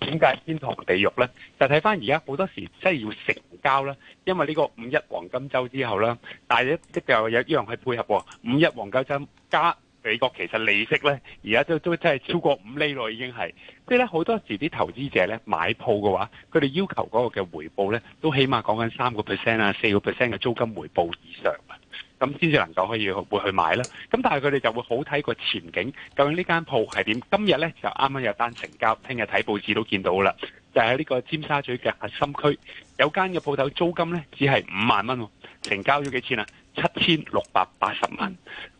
點解天堂地獄咧？就睇翻，而家好多時真係要成交啦，因為呢個五一黃金周之後啦，但係一又有一樣係配合喎。五一黃金周加美國其實利息咧，而家都都真係超過五厘咯，已經係。即係咧，好多時啲投資者咧買鋪嘅話，佢哋要求嗰個嘅回報咧，都起碼講緊三個 percent 啊，四個 percent 嘅租金回報以上。咁先至能夠可以去會去買啦。咁但係佢哋就會好睇個前景，究竟呢間鋪係點？今日呢就啱啱有單成交，聽日睇報紙都見到啦。就係呢個尖沙咀嘅核心區，有間嘅鋪頭租金呢，只係五萬蚊，成交咗幾錢呀？七千六百八十萬，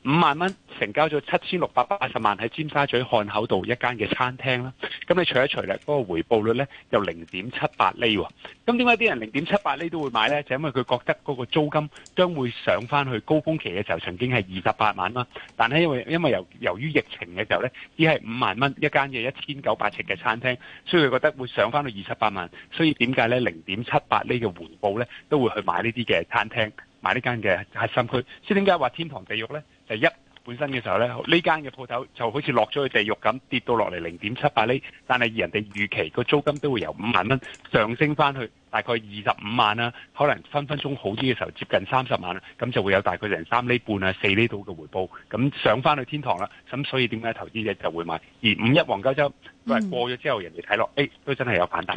五萬蚊成交咗七千六百八十萬，喺尖沙咀漢口道一間嘅餐廳啦。咁你除一除咧，嗰個回報率咧就零點七八厘喎。咁點解啲人零點七八厘都會買呢？就因為佢覺得嗰個租金將會上翻去高峰期嘅時候，曾經係二十八萬啦。但係因為因為由由於疫情嘅時候呢，只係五萬蚊一間嘅一千九百尺嘅餐廳，所以佢覺得會上翻到二十八萬。所以點解呢？零點七八厘嘅回報呢，都會去買呢啲嘅餐廳？買呢間嘅核心區，即係點解話天堂地獄呢？就係、一本身嘅時候呢，呢間嘅鋪頭就好似落咗去地獄咁，跌到落嚟零點七八厘。但係人哋預期個租金都會由五萬蚊上升翻去大概二十五萬啦、啊，可能分分鐘好啲嘅時候接近三十萬啦、啊，咁就會有大概成三厘半啊四厘度嘅回報，咁上翻去天堂啦。咁所以點解投資者就會買？而五一黃金週過咗之後人，人哋睇落，哎、欸，都真係有反彈。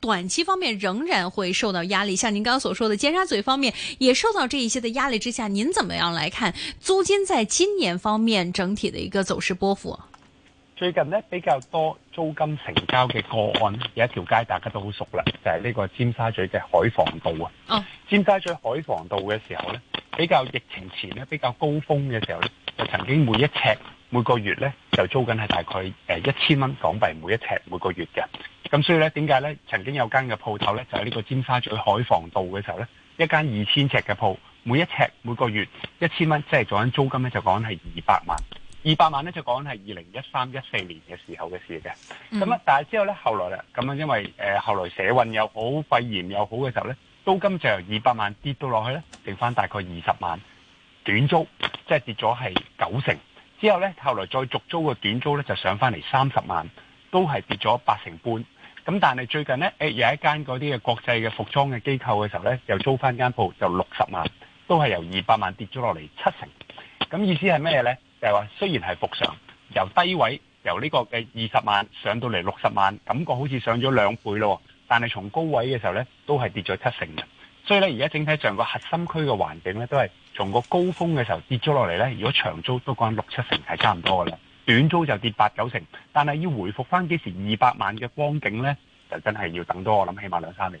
短期方面仍然會受到壓力，像您剛剛所說的尖沙咀方面也受到這一些的壓力之下，您怎麼樣來看租金在今年方面整體的一個走勢波幅？最近呢，比較多租金成交嘅個案，有一條街大家都好熟啦，就係、是、呢個尖沙咀嘅海防道啊。啊，oh. 尖沙咀海防道嘅時候呢，比較疫情前呢，比較高峰嘅時候呢，就曾經每一尺。每個月呢，就租緊係大概誒一千蚊港幣每一尺每個月嘅。咁所以呢，點解呢？曾經有間嘅鋪頭呢，就喺、是、呢個尖沙咀海防道嘅時候呢，一間二千尺嘅鋪，每一尺每個月一千蚊，即係講緊租金呢，就講緊係二百萬。二百萬呢，就講緊係二零一三一四年嘅時候嘅事嘅。咁啊、嗯，但係之後呢，後來啦，咁樣因為誒、呃、後來社運又好，肺炎又好嘅時候呢，租金就由二百萬跌到落去呢，剩翻大概二十萬短租，即係跌咗係九成。之後咧，後來再續租個短租咧，就上翻嚟三十萬，都係跌咗八成半。咁但係最近咧，誒有一間嗰啲嘅國際嘅服裝嘅機構嘅時候咧，又租翻間鋪就六十萬，都係由二百萬跌咗落嚟七成。咁意思係咩呢？就係、是、話雖然係復上，由低位由呢個嘅二十萬上到嚟六十萬，感覺好似上咗兩倍咯，但係從高位嘅時候咧，都係跌咗七成嘅。所以咧，而家整體上個核心區嘅環境咧，都係從個高峰嘅時候跌咗落嚟咧。如果長租都講緊六七成係差唔多嘅啦，短租就跌八九成。但係要回復返幾時二百萬嘅光景咧，就真係要等多我諗起碼兩三年。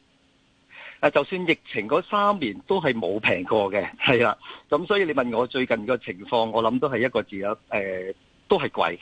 誒，就算疫情嗰三年都係冇平過嘅，係啦。咁所以你問我最近個情況，我諗都係一個字啊，呃，都係貴。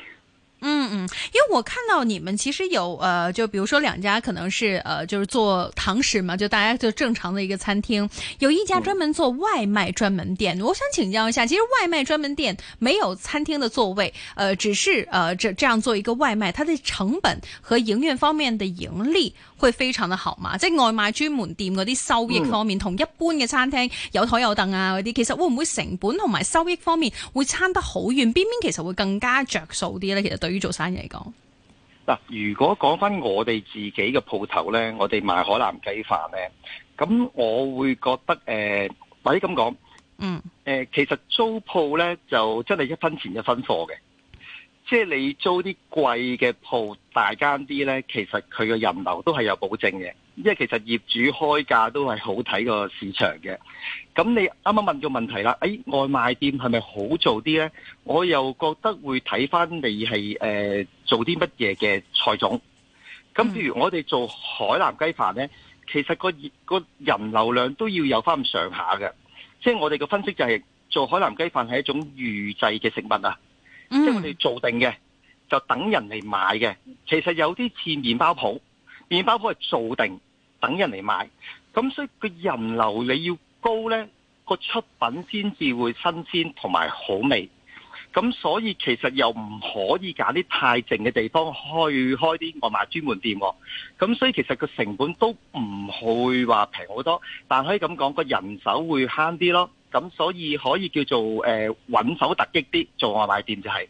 嗯嗯，因為我看到你們其實有，呃，就，比如說兩家可能是，呃，就是做堂食嘛，就大家就正常的一個餐廳，有一家專門做外賣專門店。嗯、我想請教一下，其實外賣專門店沒有餐廳的座位，呃，只是，呃，這這樣做一個外賣，它的成本和營運方面的盈利。佢非常之合嘛，即係外賣專門店嗰啲收益方面，同一般嘅餐廳有台有凳啊嗰啲，其實會唔會成本同埋收益方面會差得好遠？邊邊其實會更加着數啲呢？其實對於做生意嚟講，嗱，如果講返我哋自己嘅鋪頭呢，我哋賣海南雞飯呢，咁我會覺得誒，或者咁講，嗯、呃呃，其實租鋪呢，就真係一分錢一分貨嘅。即係你租啲貴嘅鋪大間啲呢，其實佢嘅人流都係有保證嘅。因為其實業主開價都係好睇個市場嘅。咁你啱啱問個問題啦，誒外賣店係咪好做啲呢？我又覺得會睇翻你係誒做啲乜嘢嘅菜種。咁譬如我哋做海南雞飯呢，其實個個人流量都要有翻咁上下嘅。即係我哋嘅分析就係做海南雞飯係一種預製嘅食物啊。嗯、即係我哋做定嘅，就等人嚟買嘅。其實有啲似麵包鋪麵包鋪係做定等人嚟買。咁所以個人流你要高呢個出品先至會新鮮同埋好味。咁所以其實又唔可以揀啲太靜嘅地方去開啲外賣專門店。咁所以其實個成本都唔會話平好多，但可以咁講，個人手會慳啲咯。咁所以可以叫做誒揾，呃、手突擊啲做外賣店就係，是。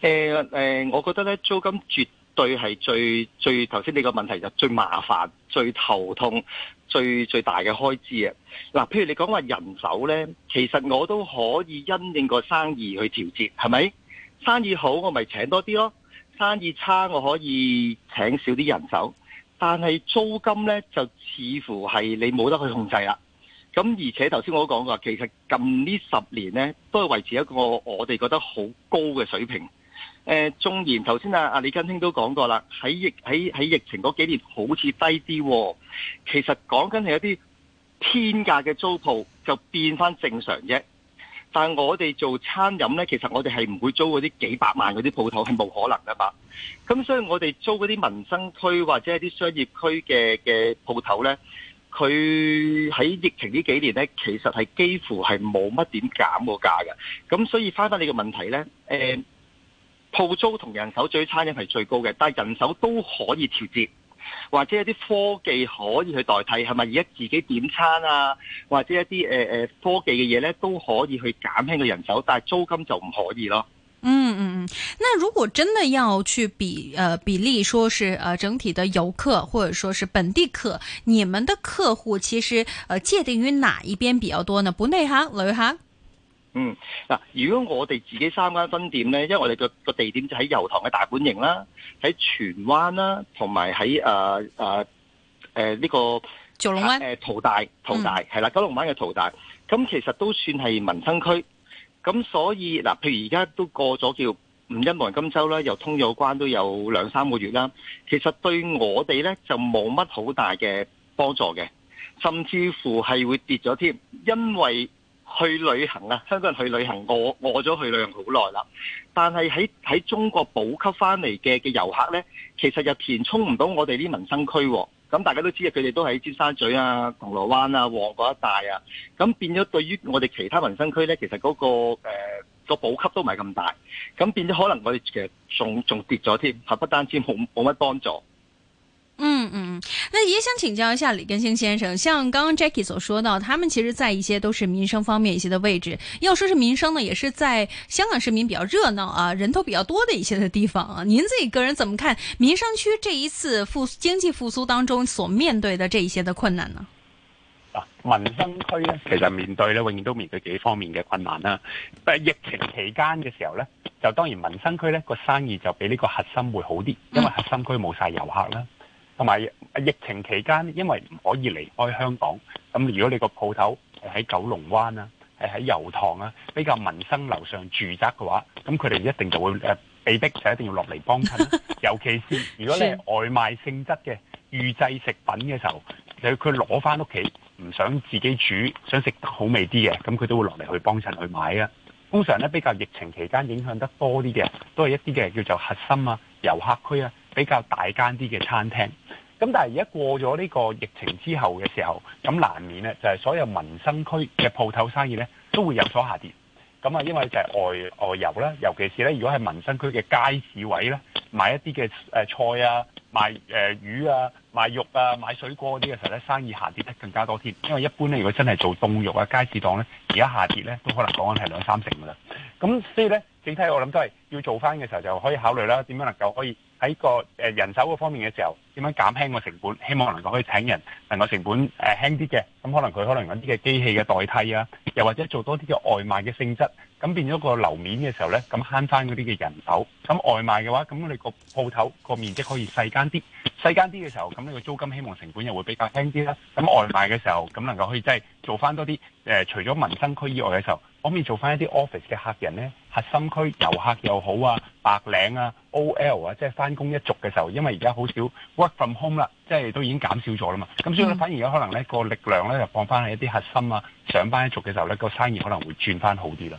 誒誒、欸欸，我覺得咧租金絕對係最最頭先你個問題就最麻煩、最頭痛、最最大嘅開支的啊！嗱，譬如你講話人手咧，其實我都可以因應個生意去調節，係咪？生意好，我咪請多啲咯；生意差，我可以請少啲人手。但係租金咧，就似乎係你冇得去控制啦。咁而且頭先我都講過，其實近呢十年咧，都係維持一個我哋覺得好高嘅水平。誒，縱、呃、然頭先啊，阿李根興都講過啦，喺疫喺喺疫情嗰幾年好似低啲喎、哦，其實講緊係一啲天價嘅租鋪就變翻正常啫。但我哋做餐飲呢，其實我哋係唔會租嗰啲幾百萬嗰啲鋪頭，係冇可能噶嘛。咁所以我哋租嗰啲民生區或者一啲商業區嘅嘅鋪頭呢，佢喺疫情呢幾年呢，其實係幾乎係冇乜點減個價減過價嘅。咁所以翻返你個問題呢。呃鋪租同人手最餐飲係最高嘅，但係人手都可以調節，或者一啲科技可以去代替，係咪而家自己點餐啊？或者一啲誒誒科技嘅嘢咧都可以去減輕個人手，但係租金就唔可以咯。嗯嗯嗯，那如果真的要去比，呃比例，說是，呃整體的遊客或者說是本地客，你們的客戶其實，呃界定於哪一邊比較多呢？本地客、旅客？嗯嗱，如果我哋自己三間分店咧，因為我哋個個地點就喺油塘嘅大本營啦，喺荃灣啦，同埋喺誒誒誒呢個九龍灣誒淘大淘大係啦，九龍灣嘅淘大，咁、嗯、其實都算係民生區。咁所以嗱，譬如而家都過咗叫五一黃金周啦，又通咗關都有兩三個月啦，其實對我哋咧就冇乜好大嘅幫助嘅，甚至乎係會跌咗添，因為。去旅行啊！香港人去旅行，我我咗去旅行好耐啦。但係喺喺中國補給翻嚟嘅嘅遊客呢，其實又填充唔到我哋啲民生區啊。咁大家都知啊，佢哋都喺尖沙咀啊、銅鑼灣啊、旺角一帶啊。咁變咗，對於我哋其他民生區呢，其實嗰個誒個補給都唔係咁大。咁變咗，可能我哋其實仲仲跌咗添，係不單止冇冇乜幫助。嗯嗯嗯，那也想請教一下李根興先生，像剛剛 Jackie 所說到，他們其實在一些都是民生方面一些的位置。要說是民生呢，也是在香港市民比較熱鬧啊，人頭比較多的一些的地方啊。您自己個人怎麼看民生區這一次復經濟復蘇當中所面對的這一些的困難呢？啊，民生區呢，其實面對呢，永遠都面對幾方面嘅困難啦、啊。不過，疫情期間嘅時候呢，就當然民生區呢、呢個生意就比呢個核心會好啲，因為核心區冇晒遊客啦。嗯同埋疫情期間，因為唔可以離開香港，咁如果你個鋪頭係喺九龍灣啊，係喺油塘啊，比較民生樓上住宅嘅話，咁佢哋一定就會被逼就一定要落嚟幫襯，啊。尤其是如果你係外賣性質嘅預製食品嘅時候，佢佢攞翻屋企唔想自己煮，想食得好味啲嘅，咁佢都會落嚟去幫襯去買啊。通常咧，比較疫情期間影響得多啲嘅，都係一啲嘅叫做核心啊遊客區啊比較大間啲嘅餐廳。咁但係而家過咗呢個疫情之後嘅時候，咁難免呢就係、是、所有民生區嘅鋪頭生意呢都會有所下跌。咁啊，因為就係外外遊咧，尤其是呢，如果係民生區嘅街市位呢，買一啲嘅菜啊、買、呃、魚啊、買肉啊、買水果嗰啲嘅時候呢，生意下跌得更加多啲。因為一般呢，如果真係做凍肉啊、街市檔呢，而家下跌呢都可能講緊係兩三成㗎啦。咁所以呢，整體我諗都係要做翻嘅時候就可以考慮啦，點樣能夠可以。喺個誒人手嗰方面嘅時候，點樣減輕個成本？希望能夠可以請人，能夠成本誒輕啲嘅。咁可能佢可能嗰啲嘅機器嘅代替啊，又或者做多啲嘅外賣嘅性質，咁變咗個樓面嘅時候咧，咁慳翻嗰啲嘅人手。咁外賣嘅話，咁我哋個鋪頭個面積可以細間啲，細間啲嘅時候，咁呢個租金希望成本又會比較輕啲啦。咁外賣嘅時候，咁能夠可以即係做翻多啲誒、呃，除咗民生區以外嘅時候，可唔可以做翻一啲 office 嘅客人咧，核心區遊客又好啊。白領啊、OL 啊，即係翻工一族嘅時候，因為而家好少 work from home 啦，即係都已經減少咗啦嘛，咁所以咧反而咧可能咧個力量咧就放翻去一啲核心啊，上班一族嘅時候咧，個生意可能會轉翻好啲啦。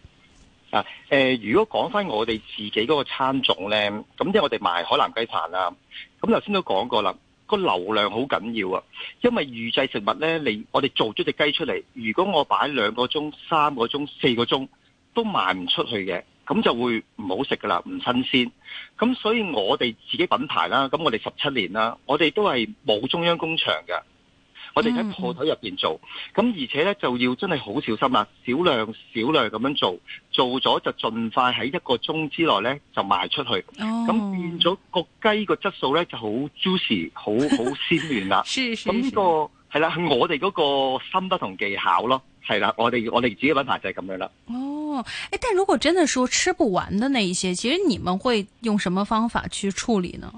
誒、呃，如果講翻我哋自己嗰個餐種呢，咁即係我哋賣海南雞飯啦。咁頭先都講過啦，個流量好緊要啊，因為預製食物呢，你我哋做咗隻雞出嚟，如果我擺兩個鐘、三個鐘、四個鐘都賣唔出去嘅，咁就會唔好食噶啦，唔新鮮。咁所以我哋自己品牌啦，咁我哋十七年啦，我哋都係冇中央工場嘅。 我哋喺鋪頭入邊做，咁而且咧就要真係好小心啦，少量少量咁樣做，做咗就盡快喺一個鐘之內咧就賣出去，咁、哦、變咗個雞、 個質素咧就好 juicy，好好鮮嫩啦。咁呢個係啦，我哋嗰個心得同技巧咯，係啦，我哋我哋自己品牌就係咁樣啦。哦，誒、欸，但如果真的說吃不完的那一些，其實你們會用什麼方法去處理呢？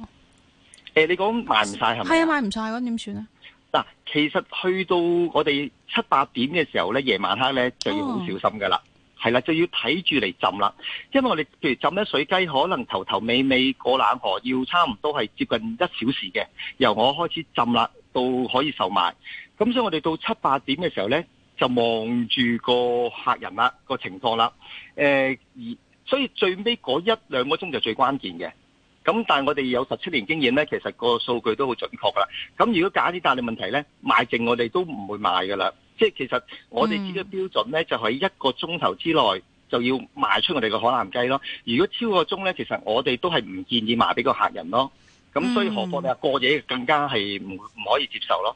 誒、欸，你講賣唔晒係咪？係啊，賣唔晒咁點算啊？ 嗱，其實去到我哋七八點嘅時候呢，夜晚黑呢就要好小心噶啦，係啦，就要睇住嚟浸啦。因為我哋譬如浸一水雞，可能頭頭尾尾過冷河要差唔多係接近一小時嘅，由我開始浸啦，到可以售賣。咁所以我哋到七八點嘅時候呢，就望住個客人啦，個情況啦，誒、呃、而所以最尾嗰一兩個鐘就最關鍵嘅。咁但係我哋有十七年經驗呢，其實個數據都好準確噶啦。咁如果假啲大利問題呢，賣剩我哋都唔會賣噶啦。即係其實我哋自己標準呢，嗯、就喺一個鐘頭之內就要賣出我哋嘅海南雞咯。如果超過鐘呢，其實我哋都係唔建議賣俾個客人咯。咁所以何況你話過夜更加係唔唔可以接受咯。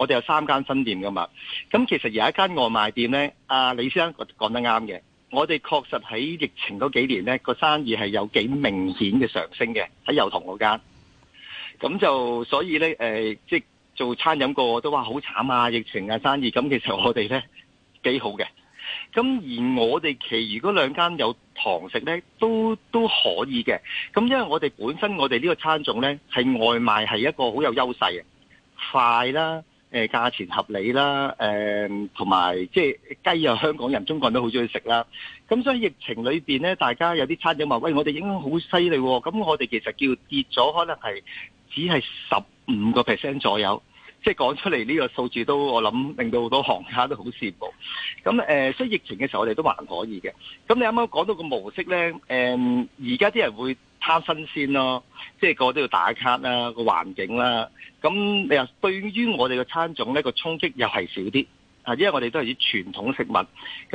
我哋有三間分店噶嘛，咁其實有一間外賣店呢，阿、啊、李先生講得啱嘅，我哋確實喺疫情嗰幾年呢，個生意係有幾明顯嘅上升嘅喺油塘嗰間。咁就所以呢、呃，即做餐飲個個都話好慘啊！疫情啊，生意，咁其實我哋呢幾好嘅。咁而我哋其餘嗰兩間有堂食呢，都都可以嘅。咁因為我哋本身我哋呢個餐種呢，係外賣係一個好有優勢嘅快啦。誒價錢合理啦，誒同埋即係雞呀香港人、中國人都好中意食啦。咁所以疫情裏邊咧，大家有啲餐飲話喂，我哋影響好犀利喎。咁我哋其實叫跌咗，可能係只係十五個 percent 左右。即係講出嚟呢個數字都，我諗令到好多行家都好羨慕。咁誒、呃，所以疫情嘅時候，我哋都還可以嘅。咁你啱啱講到個模式咧，誒而家啲人會。貪新鮮咯，即係個都要打卡啦，個環境啦，咁你話，對於我哋嘅餐種咧，個衝擊又係少啲。啊，因為我哋都係以傳統食物，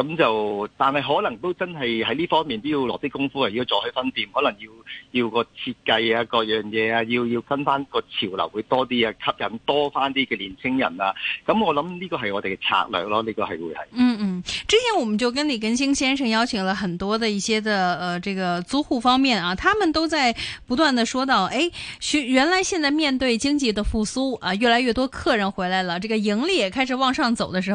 咁就但係可能都真係喺呢方面都要落啲功夫啊！要再開分店，可能要要個設計啊，各樣嘢啊，要要跟翻個潮流，會多啲啊，吸引多翻啲嘅年輕人啊。咁我諗呢個係我哋嘅策略咯，呢個係會係。嗯嗯，之前我們就跟李根興先生邀請了很多的一些的，呃，這個租戶方面啊，他們都在不斷的說到，哎，原原來現在面對經濟的復甦啊，越來越多客人回來了，這個盈利也開始往上走的時候。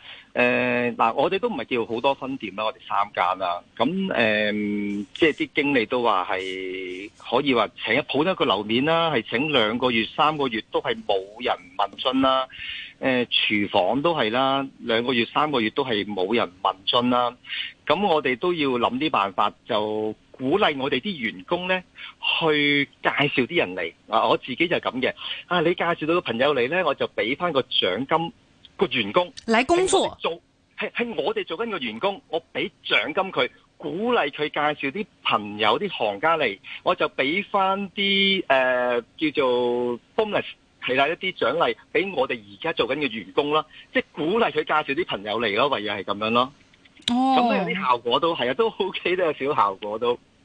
誒、嗱、呃，我哋都唔係叫好多分店啦，我哋三間啦。咁誒、呃，即係啲經理都話係可以話請普通一個樓面啦，係請兩個月、三個月都係冇人問津啦。誒、呃，廚房都係啦，兩個月、三個月都係冇人問津啦。咁我哋都要諗啲辦法，就鼓勵我哋啲員工咧去介紹啲人嚟。我自己就係咁嘅，啊，你介紹到個朋友嚟咧，我就俾翻個獎金。個員工嚟工作、啊、是是我做係係我哋做緊個員工，我俾獎金佢，鼓勵佢介紹啲朋友、啲行家嚟，我就俾翻啲誒叫做 bonus，係啦，一啲獎勵俾我哋而家做緊嘅員工啦，即、就、係、是、鼓勵佢介紹啲朋友嚟咯，唯有係咁樣咯。哦，咁有啲效果都係啊，都 OK 都有少效果都。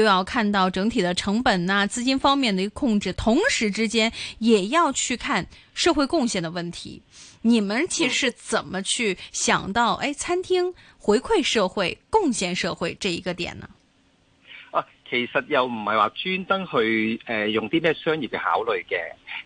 又要看到整體的成本啊，資金方面的一個控制，同時之間也要去看社會貢獻的問題。你們其實怎麼去想到，誒，嗯，哎，餐廳回饋社會、貢獻社會這一個點呢？啊，其實又唔係話專登去，誒，呃，用啲咩商業嘅考慮嘅，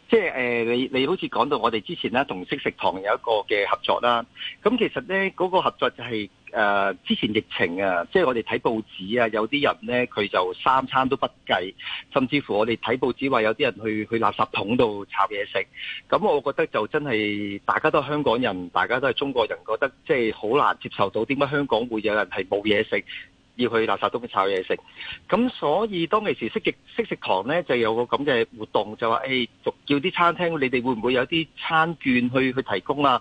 即係，誒，呃，你你好似講到我哋之前咧同識食堂有一個嘅合作啦，咁其實咧嗰個合作就係。誒、呃、之前疫情啊，即係我哋睇報紙啊，有啲人呢佢就三餐都不計，甚至乎我哋睇報紙話有啲人去去垃圾桶度炒嘢食，咁我覺得就真係大家都係香港人，大家都係中國人，覺得即係好難接受到點解香港會有人係冇嘢食，要去垃圾桶度炒嘢食。咁所以當其時惜食惜食堂呢就有個咁嘅活動，就話誒、哎，叫啲餐廳，你哋會唔會有啲餐券去去提供啊？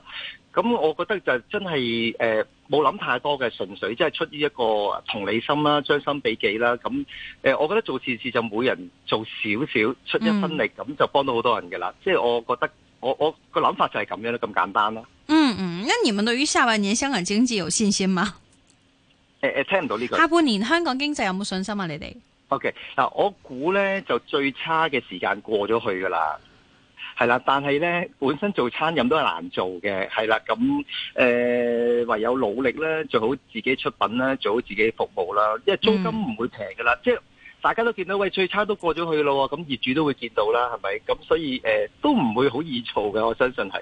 咁我覺得就真係誒。呃冇諗太多嘅，純粹即係出於一個同理心啦、將心比己啦。咁誒、呃，我覺得做善事，事就每人做少少出一分力，咁、嗯、就幫到好多人嘅啦。即係我覺得我我個諗法就係咁樣咯，咁簡單啦。嗯嗯，那你們對於下、欸欸、下半年香港經濟有信心嗎？誒誒，聽唔到呢句。下半年香港經濟有冇信心啊？你哋？O K，嗱，我估咧就最差嘅時間過咗去噶啦。係啦，但係咧本身做餐飲都係難做嘅。係啦咁誒，唯有努力咧，做好自己出品啦，做好自己服務啦，因為租金唔會平噶啦，嗯、即係大家都見到喂，最差都過咗去咯，咁業主都會見到啦，係咪？咁所以誒、呃，都唔會好易做嘅，我相信係。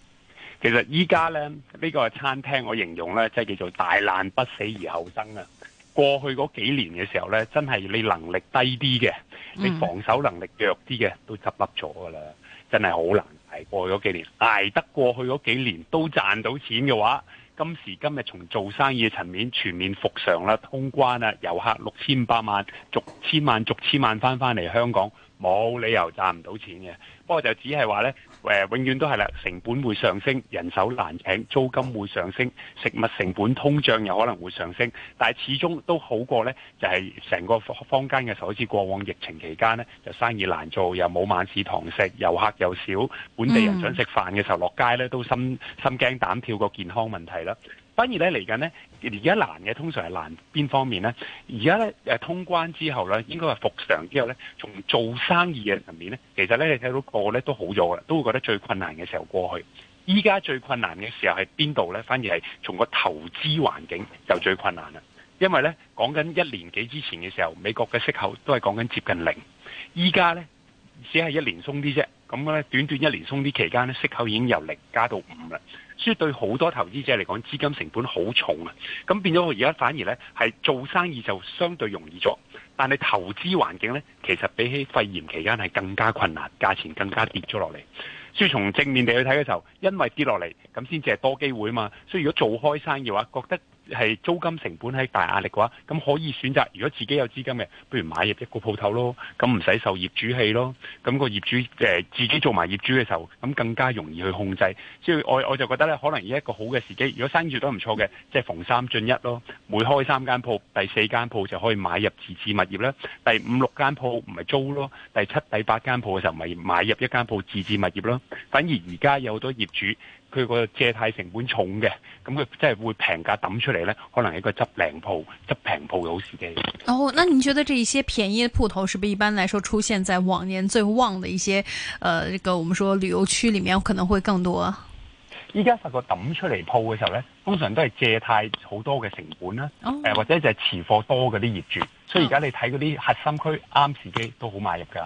其實依家呢呢、這個餐廳，我形容呢，即、就、係、是、叫做大難不死而後生啊！過去嗰幾年嘅時候呢，真係你能力低啲嘅，你防守能力弱啲嘅，都執笠咗噶啦！真係好難捱過去幾年，捱得過去嗰幾年都賺到錢嘅話，今時今日從做生意嘅層面全面復常啦、通關啦、遊客六千八萬逐千萬逐千萬翻翻嚟香港，冇理由賺唔到錢嘅。不過就只係話呢，永遠都係啦，成本會上升，人手難請，租金會上升，食物成本通脹又可能會上升，但係始終都好過呢，就係、是、成個坊間嘅時候，好似過往疫情期間呢，就生意難做，又冇晚市堂食，遊客又少，本地人想食飯嘅時候落街呢，都心心驚膽跳個健康問題啦。反而咧嚟緊呢，而家難嘅通常係難邊方面呢？而家呢，誒通關之後呢，應該係復常之後呢，從做生意嘅層面呢，其實呢，你睇到個個呢都好咗嘅，都會覺得最困難嘅時候過去。依家最困難嘅時候係邊度呢？反而係從個投資環境就最困難啦。因為呢，講緊一年幾之前嘅時候，美國嘅息口都係講緊接近零。依家呢，只係一年鬆啲啫。咁咧，短短一年鬆啲期間呢，息口已經由零加到五啦，所以對好多投資者嚟講，資金成本好重啊。咁變咗，而家反而呢係做生意就相對容易咗，但係投資環境呢，其實比起肺炎期間係更加困難，價錢更加跌咗落嚟。所以從正面地去睇嘅時候，因為跌落嚟咁先至係多機會嘛。所以如果做開生意嘅話，覺得，係租金成本係大壓力嘅話，咁可以選擇。如果自己有資金嘅，不如買入一個鋪頭咯。咁唔使受業主氣咯。咁、個業主誒、呃、自己做埋業主嘅時候，咁更加容易去控制。所以我我就覺得咧，可能以一個好嘅時機，如果生意都唔錯嘅，即、就、係、是、逢三進一咯。每開三間鋪，第四間鋪就可以買入自置物業啦；第五六間鋪唔係租咯。第七第八間鋪嘅時候，咪買入一間鋪自置物業咯。反而而家有好多業主。佢個借貸成本重嘅，咁佢真係會平價抌出嚟咧，可能係個執靚鋪、執平鋪嘅好時機。哦，oh，那您覺得這一些便宜的鋪頭，是不是一般來說出現在往年最旺嘅一些，呃，這個我們說旅遊區裡面可能會更多、啊？依家發覺抌出嚟鋪嘅時候咧，通常都係借貸好多嘅成本啦、啊，誒、oh。呃、或者就係持貨多嗰啲業主，所以而家你睇嗰啲核心區啱、oh。時機都好買入㗎。